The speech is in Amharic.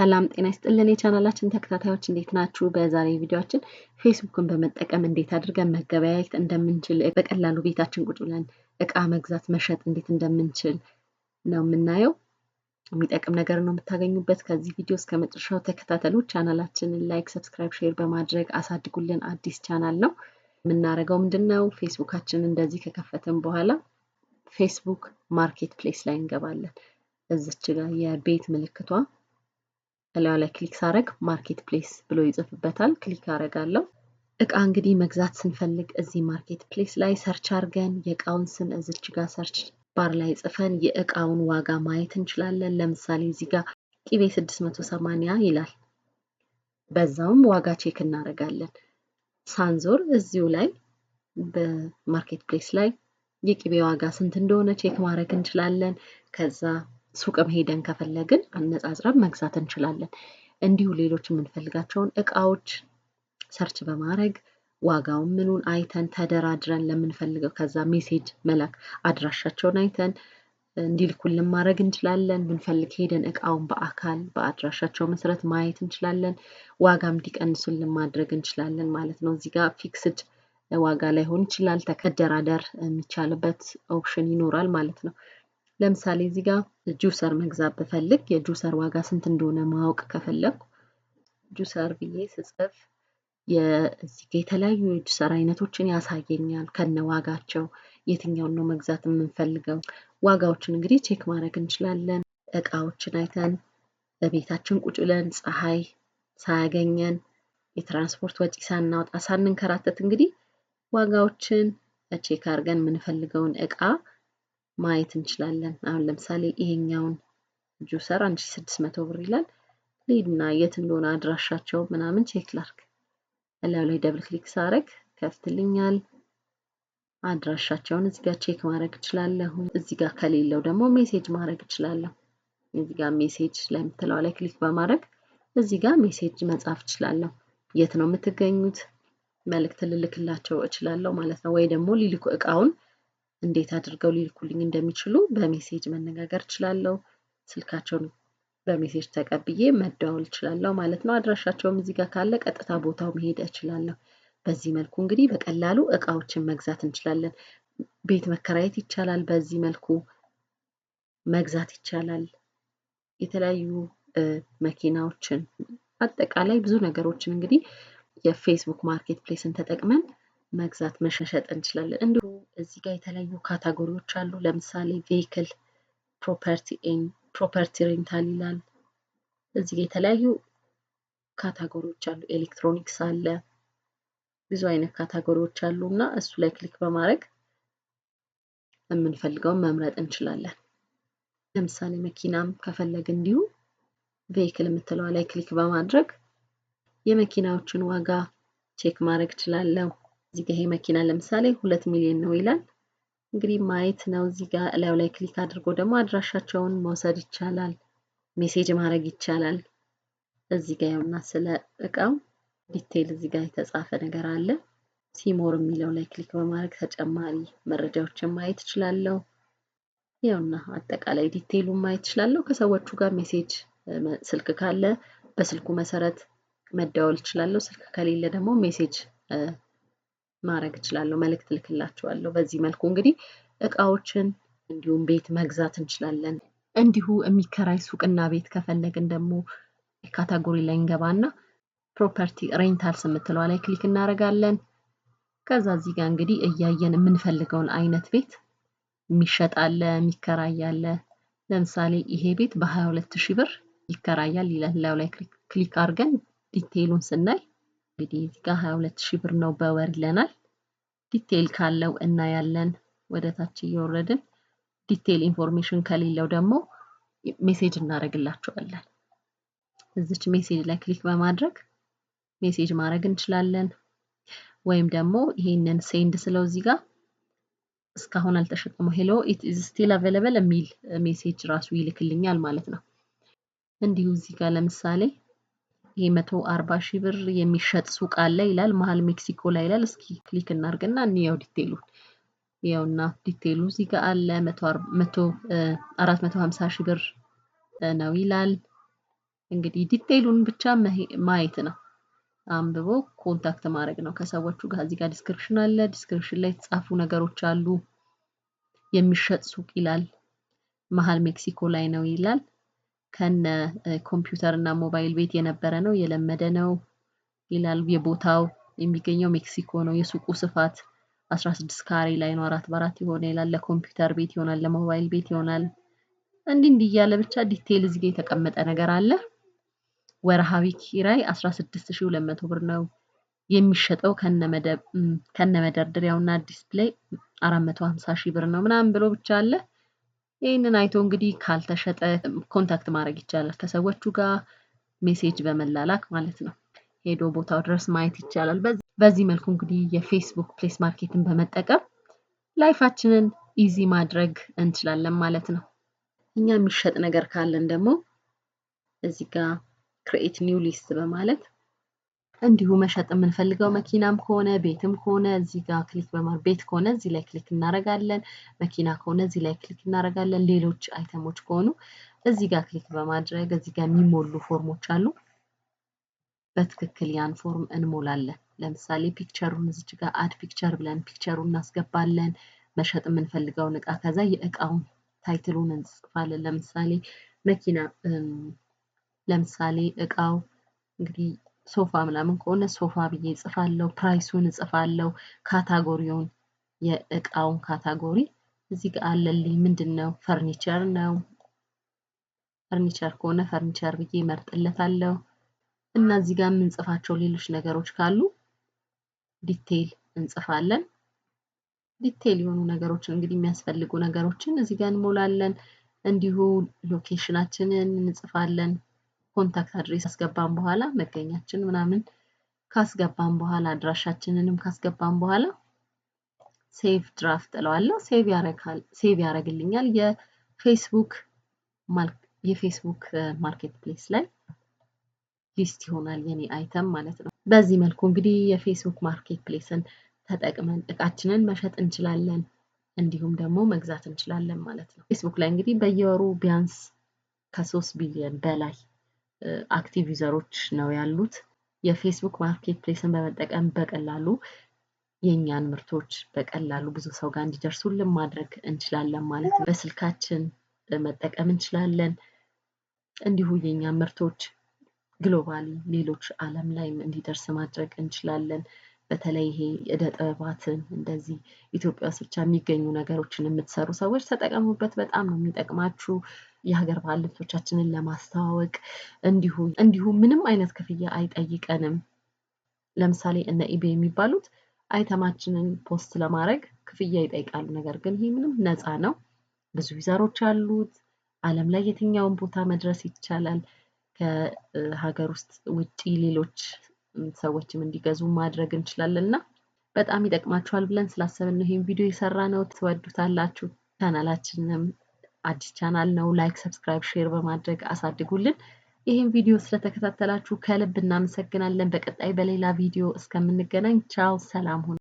ሰላም ጤና ይስጥልን የቻናላችን ተከታታዮች እንዴት ናችሁ? በዛሬ ቪዲዮችን ፌስቡክን በመጠቀም እንዴት አድርገን መገበያየት እንደምንችል በቀላሉ ቤታችን ቁጭ ብለን እቃ መግዛት መሸጥ እንዴት እንደምንችል ነው የምናየው። የሚጠቅም ነገር ነው የምታገኙበት። ከዚህ ቪዲዮ እስከ መጨረሻው ተከታተሉ። ቻናላችንን ላይክ፣ ሰብስክራይብ፣ ሼር በማድረግ አሳድጉልን። አዲስ ቻናል ነው። የምናደርገው ምንድን ነው ፌስቡካችን እንደዚህ ከከፈትን በኋላ ፌስቡክ ማርኬት ፕሌስ ላይ እንገባለን። እዚች ጋር የቤት ምልክቷ ከላዩ ላይ ክሊክ ሳረግ ማርኬት ፕሌስ ብሎ ይጽፍበታል። ክሊክ አረጋለሁ። እቃ እንግዲህ መግዛት ስንፈልግ እዚህ ማርኬት ፕሌስ ላይ ሰርች አርገን የእቃውን ስም እዝች ጋር ሰርች ባር ላይ ጽፈን የእቃውን ዋጋ ማየት እንችላለን። ለምሳሌ እዚህ ጋር ቂቤ 680 ይላል። በዛውም ዋጋ ቼክ እናደርጋለን። ሳንዞር እዚሁ ላይ በማርኬት ፕሌስ ላይ የቂቤ ዋጋ ስንት እንደሆነ ቼክ ማድረግ እንችላለን። ከዛ ሱቅም ሄደን ከፈለግን አነጻጽረን መግዛት እንችላለን። እንዲሁ ሌሎች የምንፈልጋቸውን እቃዎች ሰርች በማድረግ ዋጋውን ምኑን አይተን ተደራድረን ለምንፈልገው ከዛ ሜሴጅ መላክ አድራሻቸውን አይተን እንዲልኩልን ማድረግ እንችላለን። ብንፈልግ ሄደን እቃውን በአካል በአድራሻቸው መሰረት ማየት እንችላለን። ዋጋም እንዲቀንሱልን ማድረግ እንችላለን ማለት ነው። እዚህ ጋር ፊክስድ ዋጋ ላይሆን ይችላል። ተከደራደር የሚቻልበት ኦፕሽን ይኖራል ማለት ነው። ለምሳሌ እዚህ ጋር ጁሰር መግዛት ብፈልግ የጁሰር ዋጋ ስንት እንደሆነ ማወቅ ከፈለግኩ ጁሰር ብዬ ስጽፍ እዚህ ጋ የተለያዩ የጁሰር አይነቶችን ያሳየኛል ከነ ዋጋቸው የትኛውን ነው መግዛት የምንፈልገው ዋጋዎችን እንግዲህ ቼክ ማድረግ እንችላለን እቃዎችን አይተን በቤታችን ቁጭ ብለን ፀሐይ ሳያገኘን የትራንስፖርት ወጪ ሳናወጣ ሳንንከራተት እንግዲህ ዋጋዎችን ቼክ አድርገን የምንፈልገውን እቃ ማየት እንችላለን። አሁን ለምሳሌ ይሄኛውን ጁሰር 1600 ብር ይላል። ሊድና የት እንደሆነ አድራሻቸው ምናምን ቼክ ላርክ እላዩ ላይ ደብል ክሊክ ሳረግ ከፍትልኛል። አድራሻቸውን እዚህ ጋር ቼክ ማድረግ እችላለሁ። እዚህ ጋር ከሌለው ደግሞ ሜሴጅ ማድረግ እችላለሁ። እዚህ ጋር ሜሴጅ ለምትለዋ ላይ ክሊክ በማድረግ እዚህ ጋር ሜሴጅ መጻፍ እችላለሁ። የት ነው የምትገኙት መልእክት ልልክላቸው እችላለሁ ማለት ነው። ወይ ደግሞ ሊልኩ እቃውን እንዴት አድርገው ሊልኩልኝ እንደሚችሉ በሜሴጅ መነጋገር እችላለሁ። ስልካቸውን በሜሴጅ ተቀብዬ መደዋወል እችላለሁ ማለት ነው። አድራሻቸውም እዚህ ጋር ካለ ቀጥታ ቦታው መሄድ እችላለሁ። በዚህ መልኩ እንግዲህ በቀላሉ እቃዎችን መግዛት እንችላለን። ቤት መከራየት ይቻላል በዚህ መልኩ መግዛት ይቻላል። የተለያዩ መኪናዎችን አጠቃላይ ብዙ ነገሮችን እንግዲህ የፌስቡክ ማርኬት ፕሌስን ተጠቅመን መግዛት መሸሸጥ እንችላለን። እንዲሁ እዚህ ጋር የተለያዩ ካታጎሪዎች አሉ። ለምሳሌ ቬይክል ፕሮፐርቲ ሬንታል ይላል። እዚህ ጋር የተለያዩ ካታጎሪዎች አሉ። ኤሌክትሮኒክስ አለ። ብዙ አይነት ካታጎሪዎች አሉ እና እሱ ላይ ክሊክ በማድረግ የምንፈልገውን መምረጥ እንችላለን። ለምሳሌ መኪናም ከፈለግ እንዲሁ ቬይክል የምትለዋ ላይ ክሊክ በማድረግ የመኪናዎችን ዋጋ ቼክ ማድረግ እችላለሁ። እዚህ ጋር ይሄ መኪና ለምሳሌ ሁለት ሚሊዮን ነው ይላል። እንግዲህ ማየት ነው። እዚህ ጋር እላዩ ላይ ክሊክ አድርጎ ደግሞ አድራሻቸውን መውሰድ ይቻላል። ሜሴጅ ማድረግ ይቻላል። እዚህ ጋር ያውና ስለ እቃው ዲቴይል እዚህ ጋር የተጻፈ ነገር አለ። ሲሞር የሚለው ላይ ክሊክ በማድረግ ተጨማሪ መረጃዎችን ማየት እችላለሁ። ያውና አጠቃላይ ዲቴይሉን ማየት እችላለሁ። ከሰዎቹ ጋር ሜሴጅ ስልክ ካለ በስልኩ መሰረት መደወል እችላለሁ። ስልክ ከሌለ ደግሞ ሜሴጅ ማድረግ እችላለሁ። መልእክት ልክላቸዋለሁ። በዚህ መልኩ እንግዲህ እቃዎችን እንዲሁም ቤት መግዛት እንችላለን። እንዲሁ የሚከራይ ሱቅና ቤት ከፈለግን ደግሞ ካታጎሪ ላይ እንገባና ፕሮፐርቲ ሬንታልስ የምትለዋ ላይ ክሊክ እናደርጋለን። ከዛ እዚህ ጋር እንግዲህ እያየን የምንፈልገውን አይነት ቤት የሚሸጣለ የሚከራያለ። ለምሳሌ ይሄ ቤት በ22 ሺህ ብር ይከራያል ይላል። ላዩ ላይ ክሊክ አድርገን ዲቴይሉን ስናይ እንግዲህ እዚህ ጋር ሀያ ሺህ ብር ነው በወር ይለናል። ዲቴይል ካለው እናያለን ወደ ታች እየወረድን። ዲቴይል ኢንፎርሜሽን ከሌለው ደግሞ ሜሴጅ እናደርግላቸዋለን። እዚች ሜሴጅ ላይ ክሊክ በማድረግ ሜሴጅ ማድረግ እንችላለን። ወይም ደግሞ ይሄንን ሴንድ ስለው እዚህ ጋር እስካሁን አልተሸጠመው ሄሎ ኢት ኢዝ ስቲል አቬለብል የሚል ሜሴጅ ራሱ ይልክልኛል ማለት ነው። እንዲሁ እዚህ ጋር ለምሳሌ የመቶ አርባ ሺህ ብር የሚሸጥ ሱቅ አለ ይላል። መሀል ሜክሲኮ ላይ ይላል። እስኪ ክሊክ እናርግና እንየው ዲቴይሉን። ይኸውና ዲቴሉ እዚህ ጋር አለ። መቶ ሺህ ብር ነው ይላል። እንግዲህ ዲቴሉን ብቻ ማየት ነው። አንብቦ ኮንታክት ማድረግ ነው ከሰዎቹ ጋር። እዚህ ጋር ዲስክሪፕሽን አለ። ዲስክሪፕሽን ላይ የተጻፉ ነገሮች አሉ። የሚሸጥ ሱቅ ይላል። መሀል ሜክሲኮ ላይ ነው ይላል። ከነ ኮምፒውተር እና ሞባይል ቤት የነበረ ነው የለመደ ነው ይላል የቦታው የሚገኘው ሜክሲኮ ነው የሱቁ ስፋት 16 ካሬ ላይ ነው አራት በአራት የሆነ ይላል ለኮምፒውተር ቤት ይሆናል ለሞባይል ቤት ይሆናል እንዲህ እንዲህ እያለ ብቻ ዲቴይል እዚህ ጋር የተቀመጠ ነገር አለ ወርሃዊ ኪራይ 16200 ብር ነው የሚሸጠው ከነ መደርደሪያውና ዲስፕሌይ 450 ሺህ ብር ነው ምናምን ብሎ ብቻ አለ ይህንን አይቶ እንግዲህ ካልተሸጠ ኮንታክት ማድረግ ይቻላል ከሰዎቹ ጋር ሜሴጅ በመላላክ ማለት ነው። ሄዶ ቦታው ድረስ ማየት ይቻላል። በዚህ መልኩ እንግዲህ የፌስቡክ ፕሌስ ማርኬትን በመጠቀም ላይፋችንን ኢዚ ማድረግ እንችላለን ማለት ነው። እኛ የሚሸጥ ነገር ካለን ደግሞ እዚህ ጋር ክሬኤት ኒው ሊስት በማለት እንዲሁ መሸጥ የምንፈልገው መኪናም ከሆነ ቤትም ከሆነ እዚህ ጋር ክሊክ በማድረግ ቤት ከሆነ እዚህ ላይ ክሊክ እናደርጋለን። መኪና ከሆነ እዚህ ላይ ክሊክ እናደርጋለን። ሌሎች አይተሞች ከሆኑ እዚህ ጋር ክሊክ በማድረግ እዚህ ጋር የሚሞሉ ፎርሞች አሉ። በትክክል ያን ፎርም እንሞላለን። ለምሳሌ ፒክቸሩን እዚች ጋር አድ ፒክቸር ብለን ፒክቸሩን እናስገባለን። መሸጥ የምንፈልገውን እቃ ከዛ የእቃውን ታይትሉን እንጽፋለን። ለምሳሌ መኪና ለምሳሌ እቃው እንግዲህ ሶፋ ምናምን ከሆነ ሶፋ ብዬ እጽፋለሁ ፕራይሱን እጽፋለሁ ካታጎሪውን የእቃውን ካታጎሪ እዚህ ጋር አለልኝ ምንድን ነው ፈርኒቸር ነው ፈርኒቸር ከሆነ ፈርኒቸር ብዬ እመርጥለታለሁ እና እዚህ ጋር የምንጽፋቸው ሌሎች ነገሮች ካሉ ዲቴይል እንጽፋለን ዲቴይል የሆኑ ነገሮችን እንግዲህ የሚያስፈልጉ ነገሮችን እዚህ ጋር እንሞላለን እንዲሁ ሎኬሽናችንን እንጽፋለን ኮንታክት አድሬስ አስገባን በኋላ መገኛችን ምናምን ካስገባን በኋላ አድራሻችንንም ካስገባን በኋላ ሴቭ ድራፍት ጥለዋለሁ። ሴቭ ያደረግልኛል ያረግልኛል የፌስቡክ የፌስቡክ ማርኬት ፕሌስ ላይ ሊስት ይሆናል የኔ አይተም ማለት ነው። በዚህ መልኩ እንግዲህ የፌስቡክ ማርኬት ፕሌስን ተጠቅመን እቃችንን መሸጥ እንችላለን፣ እንዲሁም ደግሞ መግዛት እንችላለን ማለት ነው። ፌስቡክ ላይ እንግዲህ በየወሩ ቢያንስ ከሶስት ቢሊዮን በላይ አክቲቭ ዩዘሮች ነው ያሉት። የፌስቡክ ማርኬት ፕሌስን በመጠቀም በቀላሉ የእኛን ምርቶች በቀላሉ ብዙ ሰው ጋር እንዲደርሱልን ማድረግ እንችላለን ማለት ነው። በስልካችን መጠቀም እንችላለን። እንዲሁ የእኛን ምርቶች ግሎባሊ ሌሎች ዓለም ላይም እንዲደርስ ማድረግ እንችላለን። በተለይ ይሄ እደ ጥበባትን እንደዚህ ኢትዮጵያ ውስጥ ብቻ የሚገኙ ነገሮችን የምትሰሩ ሰዎች ተጠቀሙበት። በጣም ነው የሚጠቅማችሁ። የሀገር ባህል ልብሶቻችንን ለማስተዋወቅ እንዲሁም እንዲሁም ምንም አይነት ክፍያ አይጠይቀንም። ለምሳሌ እነ ኢቤ የሚባሉት አይተማችንን ፖስት ለማድረግ ክፍያ ይጠይቃሉ። ነገር ግን ይህ ምንም ነፃ ነው። ብዙ ዊዛሮች አሉት ዓለም ላይ የትኛውን ቦታ መድረስ ይቻላል። ከሀገር ውስጥ ውጪ ሌሎች ሰዎችም እንዲገዙ ማድረግ እንችላለን እና በጣም ይጠቅማችኋል ብለን ስላሰብን ነው ይህም ቪዲዮ የሰራ ነው። ትወዱታላችሁ። ቻናላችንም አዲስ ቻናል ነው። ላይክ፣ ሰብስክራይብ፣ ሼር በማድረግ አሳድጉልን። ይህን ቪዲዮ ስለተከታተላችሁ ከልብ እናመሰግናለን። በቀጣይ በሌላ ቪዲዮ እስከምንገናኝ ቻው፣ ሰላም ሁኑ።